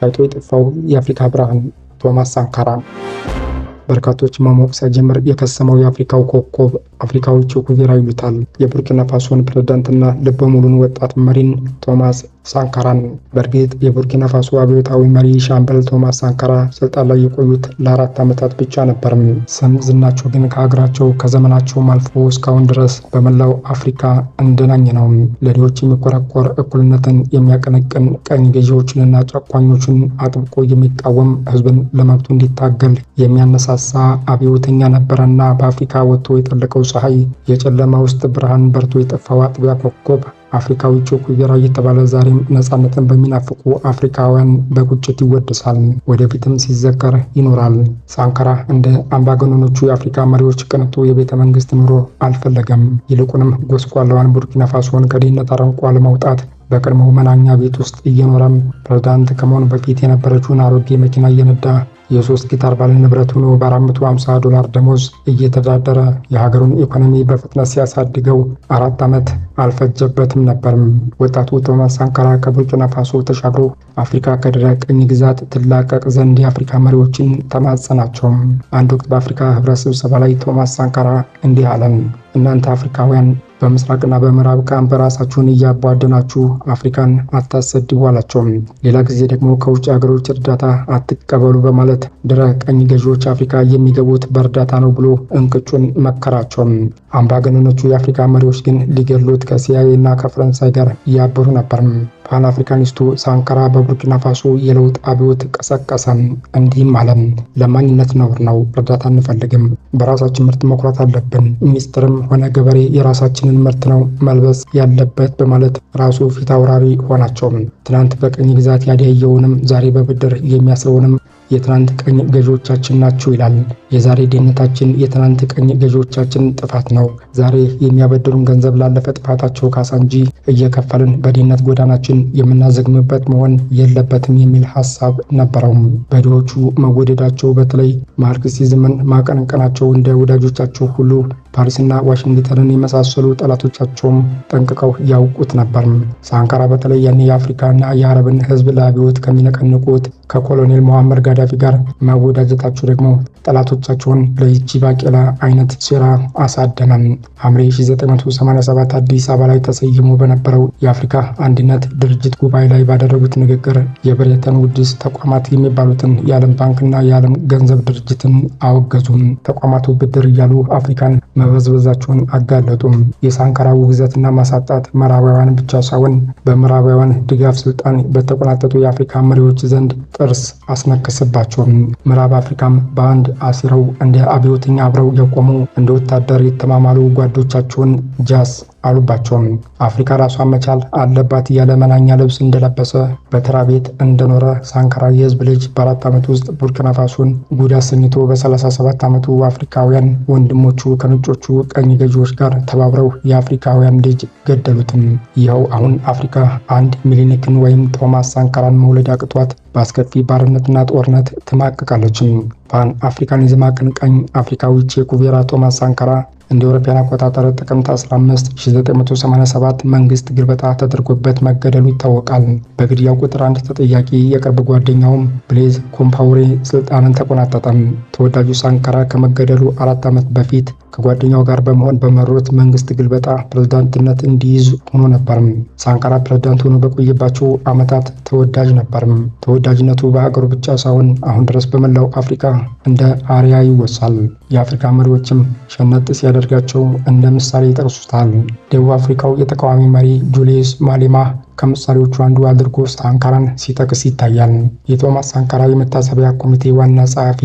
ታይቶ የጠፋው የአፍሪካ ብርሃን ቶማስ ሳንካራ ነው። በርካቶች ማሞቅ ሳይጀምር የከሰመው የአፍሪካው ኮከብ አፍሪካዎቹ ኩቬራ ይሉታል የቡርኪና ፋሶን ፕሬዝዳንትና ልበ ሙሉን ወጣት መሪን ቶማስ ሳንካራን በእርግጥ የቡርኪና ፋሶ አብዮታዊ መሪ ሻምበል ቶማስ ሳንካራ ስልጣን ላይ የቆዩት ለአራት ዓመታት ብቻ ነበርም። ስም ዝናቸው ግን ከሀገራቸው ከዘመናቸውም አልፎ እስካሁን ድረስ በመላው አፍሪካ እንደናኝ ነው። ለሌሎች የሚቆረቆር እኩልነትን የሚያቀነቅን ቀኝ ገዢዎችንና ጨቋኞችን አጥብቆ የሚቃወም ህዝብን ለመብቱ እንዲታገል የሚያነሳሳ አብዮተኛ ነበረና በአፍሪካ ወጥቶ የጠለቀው ፀሐይ የጨለማ ውስጥ ብርሃን በርቶ የጠፋው አጥቢያ ኮከብ አፍሪካዊ ቾኩየራ እየተባለ ዛሬም ነፃነትን በሚናፍቁ አፍሪካውያን በቁጭት ይወደሳል፣ ወደፊትም ሲዘከር ይኖራል። ሳንካራ እንደ አምባገነኖቹ የአፍሪካ መሪዎች ቅንጡ የቤተ መንግስት ኑሮ አልፈለገም። ይልቁንም ጎስቋላዋን ቡርኪና ፋሶን ከድህነት አረንቋ ለማውጣት በቀድሞው መናኛ ቤት ውስጥ እየኖረም ፕሬዝዳንት ከመሆኑ በፊት የነበረችውን አሮጌ መኪና እየነዳ የሶስት ጊታር ባለ ንብረት ሆኖ በ450 ዶላር ደሞዝ እየተዳደረ የሀገሩን ኢኮኖሚ በፍጥነት ሲያሳድገው አራት ዓመት አልፈጀበትም ነበርም። ወጣቱ ቶማስ ሳንካራ ከቡርኪና ፋሶ ተሻግሮ አፍሪካ ከድህረ ቅኝ ግዛት ትላቀቅ ዘንድ የአፍሪካ መሪዎችን ናቸው። አንድ ወቅት በአፍሪካ ህብረት ስብሰባ ላይ ቶማስ ሳንካራ እንዲህ አለን፣ እናንተ አፍሪካውያን በምስራቅና በምዕራብ ካምፕ ራሳችሁን እያቧደናችሁ አፍሪካን አታሰድቡ አላቸውም። ሌላ ጊዜ ደግሞ ከውጭ ሀገሮች እርዳታ አትቀበሉ በማለት ድረ ቀኝ ገዢዎች አፍሪካ የሚገቡት በእርዳታ ነው ብሎ እንቅጩን መከራቸውም። አምባገነኖቹ የአፍሪካ መሪዎች ግን ሊገድሉት ከሲያይ እና ከፈረንሳይ ጋር እያበሩ ነበር። ፓን አፍሪካኒስቱ ሳንካራ በቡርኪና ፋሶ የለውጥ አብዮት ቀሰቀሰን። እንዲህም አለም ለማንነት ነውር ነው፣ እርዳታ አንፈልግም፣ በራሳችን ምርት መኩራት አለብን። ሚኒስትርም ሆነ ገበሬ የራሳችንን ምርት ነው መልበስ ያለበት በማለት ራሱ ፊት አውራሪ ሆናቸው። ትናንት በቅኝ ግዛት ያደየውንም ዛሬ በብድር የሚያስረውንም የትናንት ቀኝ ገዢዎቻችን ናችሁ ይላል። የዛሬ ድህነታችን የትናንት ቀኝ ገዢዎቻችን ጥፋት ነው። ዛሬ የሚያበድሩን ገንዘብ ላለፈ ጥፋታቸው ካሳ እንጂ እየከፈልን በድህነት ጎዳናችን የምናዘግምበት መሆን የለበትም የሚል ሀሳብ ነበረውም። በድሆቹ መወደዳቸው በተለይ ማርክሲዝምን ማቀንቀናቸው እንደ ወዳጆቻቸው ሁሉ ፓሪስና ዋሽንግተንን የመሳሰሉ ጠላቶቻቸውም ጠንቅቀው ያውቁት ነበር። ሳንካራ በተለይ ያኔ የአፍሪካና የአረብን ህዝብ ለአብዮት ከሚነቀንቁት ከኮሎኔል መሐመድ ጋር ከጋዳፊ ጋር ማወዳጀታችሁ ደግሞ ጠላቶቻችሁን ለይቺ ባቄላ አይነት ሴራ አሳደመም። ሐምሌ 1987 አዲስ አበባ ላይ ተሰይሞ በነበረው የአፍሪካ አንድነት ድርጅት ጉባኤ ላይ ባደረጉት ንግግር የብሬተን ውድስ ተቋማት የሚባሉትን የዓለም ባንክና የዓለም ገንዘብ ድርጅትን አወገዙም። ተቋማቱ ብድር እያሉ አፍሪካን መበዝበዛቸውን አጋለጡም። የሳንካራ ውግዘትና ማሳጣት ምዕራባውያን ብቻ ሳይሆን በምዕራባውያን ድጋፍ ስልጣን በተቆናጠጡ የአፍሪካ መሪዎች ዘንድ ጥርስ አስነክስም አይደርስባቸውም። ምዕራብ አፍሪካም በአንድ አሲረው እንደ አብዮተኛ አብረው የቆሙ እንደ ወታደር የተማማሉ ጓዶቻቸውን ጃስ አሉባቸውም። አፍሪካ ራሷን መቻል አለባት እያለ መናኛ ልብስ እንደለበሰ በተራ ቤት እንደኖረ ሳንካራ የህዝብ ልጅ በአራት ዓመት ውስጥ ቡርኪና ፋሶን ጉድ አሰኝቶ በ37 ዓመቱ አፍሪካውያን ወንድሞቹ ከነጮቹ ቀኝ ገዢዎች ጋር ተባብረው የአፍሪካውያን ልጅ ገደሉትም። ይኸው አሁን አፍሪካ አንድ ሚሊኒክን ወይም ቶማስ ሳንካራን መውለድ አቅቷት በአስከፊ ባርነትና ጦርነት ትማቅቃለችም። ፓን አፍሪካኒዝም አቀንቃኝ አፍሪካዊ ቼኩቬራ ቶማስ ሳንካራ እንደ አውሮፓውያን አቆጣጠር ጥቅምት 15 1987 መንግስት ግልበጣ ተደርጎበት መገደሉ ይታወቃል። በግድያው ቁጥር አንድ ተጠያቂ የቅርብ ጓደኛውም ብሌዝ ኮምፓውሬ ስልጣንን ተቆናጠጠም። ተወዳጁ ሳንካራ ከመገደሉ አራት ዓመት በፊት ከጓደኛው ጋር በመሆን በመሩት መንግስት ግልበጣ ፕሬዝዳንትነት እንዲይዝ ሆኖ ነበርም። ሳንካራ ፕሬዝዳንት ሆኖ በቆየባቸው ዓመታት ተወዳጅ ነበርም። ተወዳጅነቱ በሀገሩ ብቻ ሳይሆን አሁን ድረስ በመላው አፍሪካ እንደ አርያ ይወሳል። የአፍሪካ መሪዎችም ሸነጥ ሲያደርጋቸው እንደ ምሳሌ ይጠቅሱታል። ደቡብ አፍሪካው የተቃዋሚ መሪ ጁሊየስ ማሌማ ከምሳሌዎቹ አንዱ አድርጎ ሳንካራን ሲጠቅስ ይታያል። የቶማስ ሳንካራ የመታሰቢያ ኮሚቴ ዋና ጸሐፊ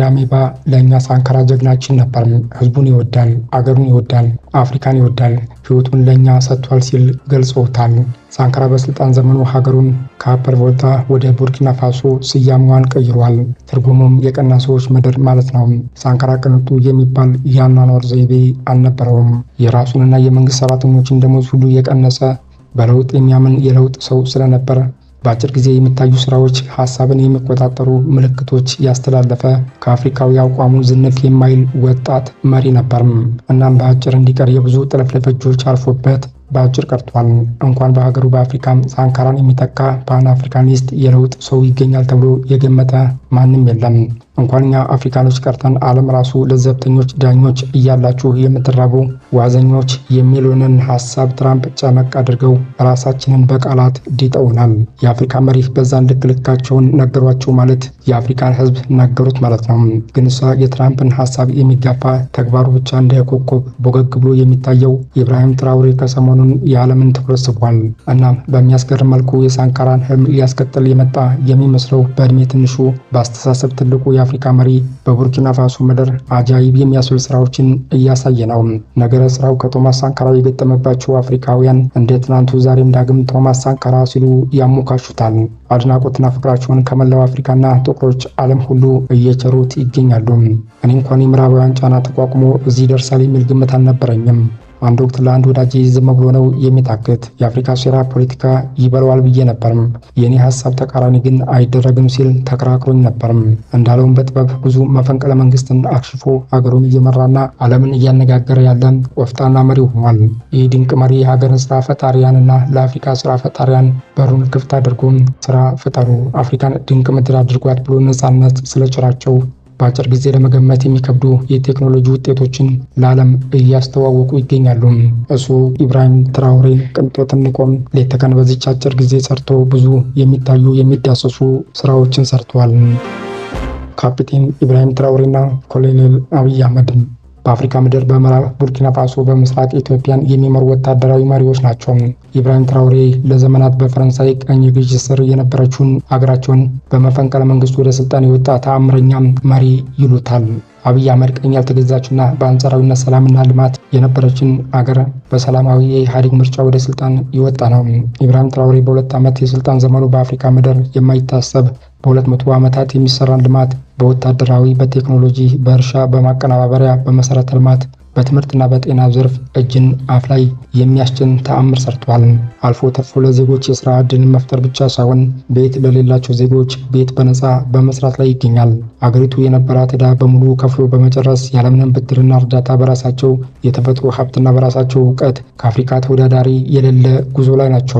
ዳሜባ ለእኛ ሳንካራ ጀግናችን ነበር፣ ህዝቡን ይወዳል፣ አገሩን ይወዳል፣ አፍሪካን ይወዳል፣ ህይወቱን ለእኛ ሰጥቷል ሲል ገልጸውታል። ሳንካራ በስልጣን ዘመኑ ሀገሩን ከአፐር ቮልታ ወደ ቡርኪና ፋሶ ስያሜዋን ቀይሯል። ትርጉሙም የቀና ሰዎች ምድር ማለት ነው። ሳንካራ ቅንጡ የሚባል የአኗኗር ዘይቤ አልነበረውም። የራሱንና የመንግስት ሰራተኞችን ደሞዝ ሁሉ የቀነሰ በለውጥ የሚያምን የለውጥ ሰው ስለነበረ በአጭር ጊዜ የሚታዩ ስራዎች ሀሳብን የሚቆጣጠሩ ምልክቶች ያስተላለፈ ከአፍሪካዊ አቋሙ ዝንፍ የማይል ወጣት መሪ ነበርም። እናም በአጭር እንዲቀር የብዙ እጆች አልፎበት በአጭር ቀርቷል። እንኳን በሀገሩ በአፍሪካም ሳንካራን የሚተካ ፓን አፍሪካኒስት የለውጥ ሰው ይገኛል ተብሎ የገመተ ማንም የለም። እንኳን እኛ አፍሪካኖች ቀርተን ዓለም ራሱ ለዘብተኞች ዳኞች እያላችሁ የምትራቡ ዋዘኞች የሚሉንን ሀሳብ ትራምፕ ጨመቅ አድርገው ራሳችንን በቃላት ዲጠውናል። የአፍሪካ መሪ በዛን እንድክልካቸውን ነገሯቸው ማለት የአፍሪካን ሕዝብ ነገሩት ማለት ነው። ግን እሷ የትራምፕን ሀሳብ የሚጋፋ ተግባሩ ብቻ እንደ ኮከብ ቦገግ ብሎ የሚታየው ኢብራሂም ትራውሬ ከሰሞኑን የዓለምን ትኩረት ስቧል። እናም በሚያስገርም መልኩ የሳንካራን ህልም ሊያስቀጥል የመጣ የሚመስለው በእድሜ ትንሹ በአስተሳሰብ ትልቁ የአፍሪካ መሪ በቡርኪና ፋሶ ምድር አጃይብ የሚያስብል ስራዎችን እያሳየ ነው። ነገረ ስራው ከቶማስ ሳንካራ የገጠመባቸው አፍሪካውያን እንደ ትናንቱ ዛሬም ዳግም ቶማስ ሳንካራ ሲሉ ያሞካሹታል። አድናቆትና ፍቅራቸውን ከመላው አፍሪካና ጥቁሮች ዓለም ሁሉ እየቸሩት ይገኛሉ። እኔ እንኳን የምዕራባውያን ጫና ተቋቁሞ እዚህ ደርሳል የሚል ግምት አልነበረኝም። አንድ ወቅት ለአንድ ወዳጅ ዝም ብሎ ነው የሚታክት የአፍሪካ ሴራ ፖለቲካ ይበለዋል ብዬ ነበርም። የእኔ ሀሳብ ተቃራኒ ግን አይደረግም ሲል ተከራክሮኝ ነበርም። እንዳለውም በጥበብ ብዙ መፈንቅለ መንግስትን አክሽፎ ሀገሩን እየመራና ዓለምን እያነጋገረ ያለን ወፍጣና መሪ ሆኗል። ይህ ድንቅ መሪ የሀገርን ስራ ፈጣሪያንና ለአፍሪካ ስራ ፈጣሪያን በሩን ክፍት አድርጎም ስራ ፍጠሩ፣ አፍሪካን ድንቅ ምድር አድርጓት ብሎ ነጻነት ስለጭራቸው በአጭር ጊዜ ለመገመት የሚከብዱ የቴክኖሎጂ ውጤቶችን ለዓለም እያስተዋወቁ ይገኛሉ። እሱ ኢብራሂም ትራውሬ ቅንጦትን ንቆም ሌት ተቀን በዚች አጭር ጊዜ ሰርቶ ብዙ የሚታዩ የሚዳሰሱ ስራዎችን ሰርተዋል። ካፒቴን ኢብራሂም ትራውሬና ኮሎኔል አብይ አህመድ በአፍሪካ ምድር በምዕራብ ቡርኪና ፋሶ፣ በምስራቅ ኢትዮጵያን የሚመሩ ወታደራዊ መሪዎች ናቸው። ኢብራሂም ትራውሬ ለዘመናት በፈረንሳይ ቀኝ ግዥ ስር የነበረችውን አገራቸውን በመፈንቅለ መንግስቱ ወደ ስልጣን የወጣ ተአምረኛ መሪ ይሉታል። አብይ አህመድ ቀኝ ያልተገዛችና በአንጻራዊነት ሰላምና ልማት የነበረችን አገር በሰላማዊ የኢህአዴግ ምርጫ ወደ ስልጣን ይወጣ ነው። ኢብራሂም ትራውሬ በሁለት ዓመት የስልጣን ዘመኑ በአፍሪካ ምድር የማይታሰብ በሁለት መቶ ዓመታት የሚሰራን ልማት በወታደራዊ፣ በቴክኖሎጂ፣ በእርሻ፣ በማቀነባበሪያ፣ በመሰረተ ልማት በትምህርትና በጤና ዘርፍ እጅን አፍ ላይ የሚያስችን ተአምር ሰርቷል። አልፎ ተርፎ ለዜጎች የስራ ዕድልን መፍጠር ብቻ ሳይሆን ቤት ለሌላቸው ዜጎች ቤት በነፃ በመስራት ላይ ይገኛል። አገሪቱ የነበራት ዕዳ በሙሉ ከፍሎ በመጨረስ ያለምንም ብድርና እርዳታ በራሳቸው የተፈጥሮ ሀብትና በራሳቸው እውቀት ከአፍሪካ ተወዳዳሪ የሌለ ጉዞ ላይ ናቸው።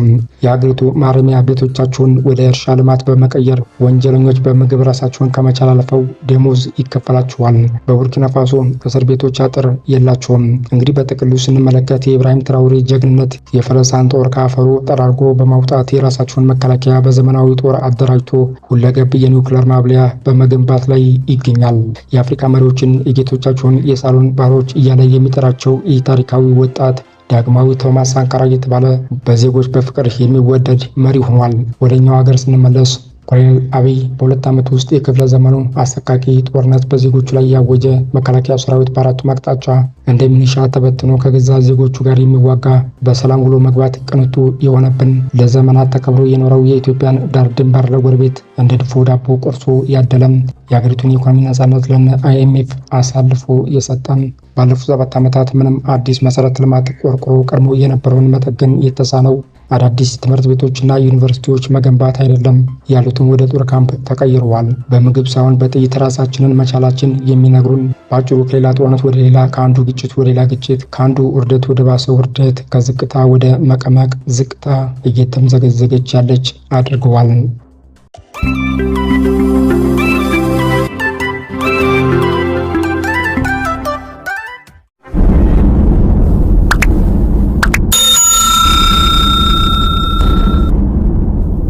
የአገሪቱ ማረሚያ ቤቶቻቸውን ወደ እርሻ ልማት በመቀየር ወንጀለኞች በምግብ ራሳቸውን ከመቻል አልፈው ደሞዝ ይከፈላቸዋል። በቡርኪናፋሶ ፋሶ እስር ቤቶች አጥር የላቸውም። እንግዲህ በጥቅሉ ስንመለከት የኢብራሂም ትራውሬ ጀግንነት የፈረሳን ጦር ከአፈሩ ጠራርጎ በማውጣት የራሳቸውን መከላከያ በዘመናዊ ጦር አደራጅቶ ሁለገብ የኒውክለር ማብለያ በመገንባት ላይ ይገኛል። የአፍሪካ መሪዎችን የጌቶቻቸውን የሳሎን ባሮች እያለ የሚጠራቸው ይህ ታሪካዊ ወጣት ዳግማዊ ቶማስ ሳንካራ እየተባለ በዜጎች በፍቅር የሚወደድ መሪ ሆኗል። ወደኛው ሀገር ስንመለስ ኮሎኔል አብይ በሁለት ዓመት ውስጥ የክፍለ ዘመኑን አሰቃቂ ጦርነት በዜጎቹ ላይ ያወጀ መከላከያ ሰራዊት በአራቱም አቅጣጫ እንደ ሚኒሻ ተበትኖ ከገዛ ዜጎቹ ጋር የሚዋጋ በሰላም ውሎ መግባት ቅንጡ የሆነብን ለዘመናት ተከብሮ የኖረው የኢትዮጵያን ዳር ድንበር ለጎረቤት እንደ ድፎ ዳቦ ቆርሶ ያደለም የሀገሪቱን የኢኮኖሚ ነጻነት ለነ አይኤምኤፍ አሳልፎ የሰጠን ባለፉት ሰባት ዓመታት ምንም አዲስ መሰረተ ልማት ቆርቆሮ ቀድሞ የነበረውን መጠገን የተሳነው አዳዲስ ትምህርት ቤቶችና ዩኒቨርሲቲዎች መገንባት አይደለም ያሉትን ወደ ጦር ካምፕ ተቀይረዋል። በምግብ ሳይሆን በጥይት ራሳችንን መቻላችን የሚነግሩን በአጭሩ ከሌላ ጦርነት ወደ ሌላ፣ ከአንዱ ግጭት ወደ ሌላ ግጭት፣ ከአንዱ ውርደት ወደ ባሰ ውርደት፣ ከዝቅታ ወደ መቀመቅ ዝቅታ እየተምዘገዘገች ያለች አድርገዋል።